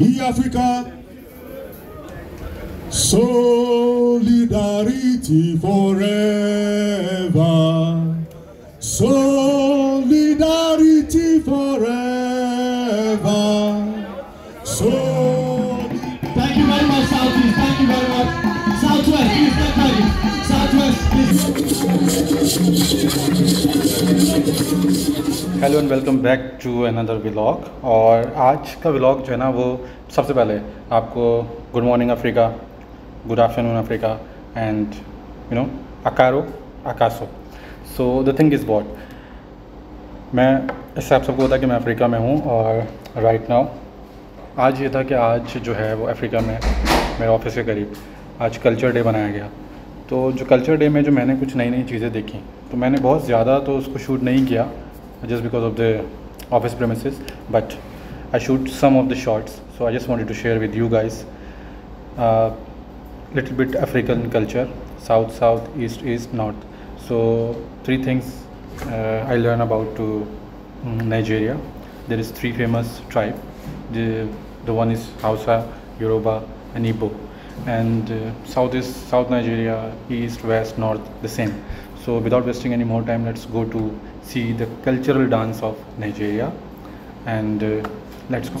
Africa. solidarity forever, solidarity forever. So thank you very much, Southeast. Thank you very much, Southwest. Please, Southwest, please. Hello and welcome back to another vlog और आज का vlog जो है ना वो सबसे पहले आपको good morning Africa good afternoon Africa and you know अकारो अकासो so the thing is what मैं इससे आप सबको होता कि मैं अफ्रीका में हूँ और राइट right नाउ आज ये था कि आज जो है वो अफ्रीका में मेरे ऑफिस के करीब आज कल्चर डे बनाया गया तो जो कल्चर डे में जो मैंने कुछ नई नई चीज़ें देखी तो मैंने बहुत ज़्यादा तो उसको शूट नहीं किया just because of the office premises but I shoot some of the shots so I just wanted to share with you guys a uh, little bit African culture south south east east north so three things uh, I learn about to uh, Nigeria there is three famous tribe the the one is Hausa Yoruba and Igbo and uh, south is south Nigeria east west north the same so without wasting any more time let's go to see the cultural dance of Nigeria and uh, let's go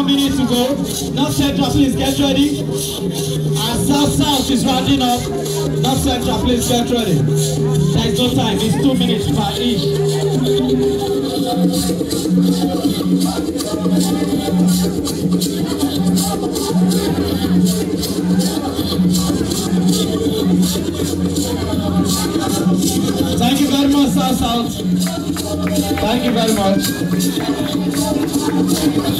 one minute to go. North Central, please get ready. And South South is rounding up. North Central, please get ready. There's no time. It's two minutes per each. Thank you very much, South South. Thank you very much.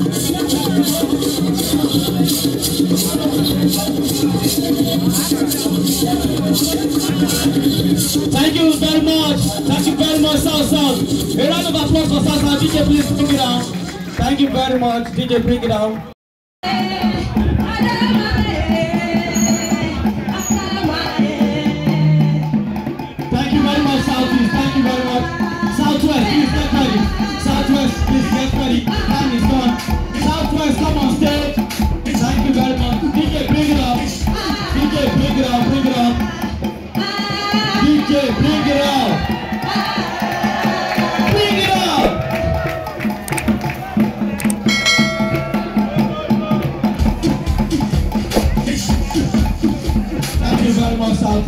of applause for Sasa. DJ, please bring it out. Thank you very much. DJ, bring it out.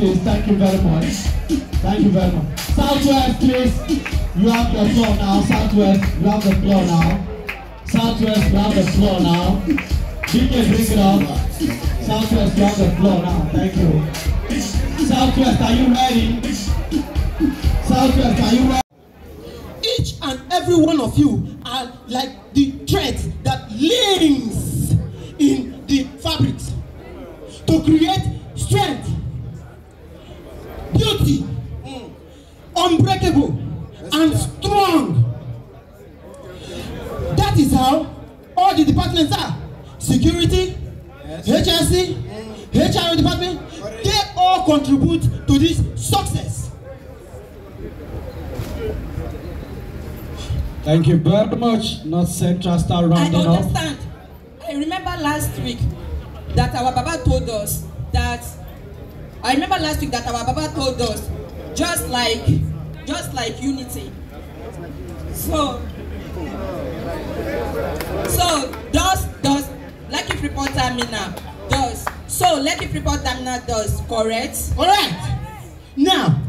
please. Thank you very much. Thank you very much. Southwest, please. You have the floor now. Southwest, you have the floor now. Southwest, you have the floor now. You can bring it up. Southwest, you have the floor now. Thank you. Southwest, are you ready? Southwest, are you ready? Each and every one of you are like the threads that lays in the fabric to create strength contribute to this success. Thank you very much, North Central Star Round. I understand. Up. I remember last week that our Baba told us that I remember last week that our Baba told us just like just like unity. So so does does like if reporter me now. So let me report terminal does, correct? All right. Now,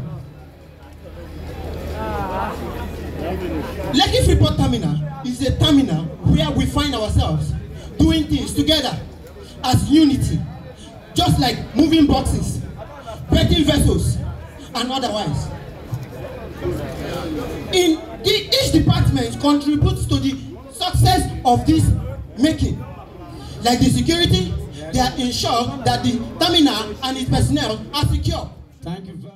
Lekki Freeport Terminal is a terminal where we find ourselves doing things together as unity, just like moving boxes, betting vessels, and otherwise. In the, each department contributes to the success of this making, like the security, they are ensure that the terminal and its personnel are secure. Thank you very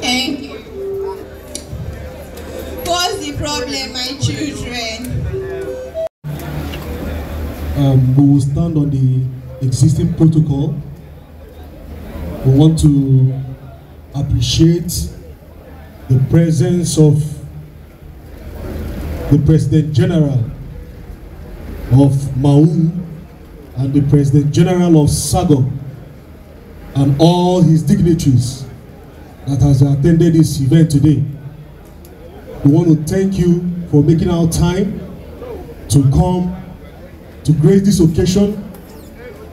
Thank you. What's the problem, my children? Um, we will stand on the existing protocol. We want to appreciate the presence of the President General of Maun and the President General of SAGO and all his dignitaries that has attended this event today. We want to thank you for making our time to come to grace this occasion,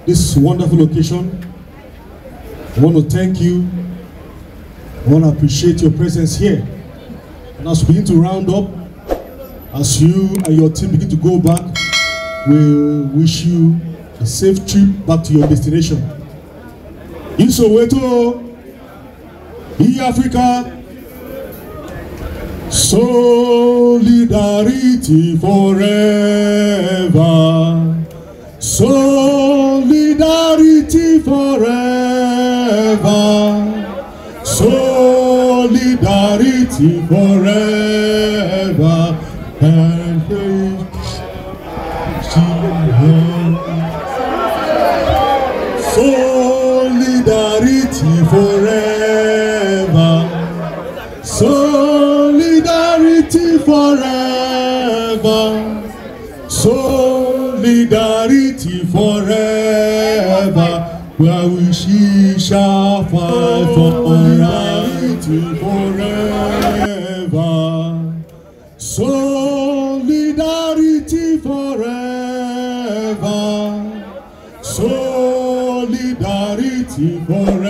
this wonderful occasion. We want to thank you. We want to appreciate your presence here. And as we begin to round up, as you and your team begin to go back, we we'll wish you safe trip back to your destination. In Soweto, in e Africa, solidarity forever. Solidarity forever. Solidarity forever. forever. Solidarity forever. Where we she shall fight for morality forever. Solidarity forever. Solidarity forever.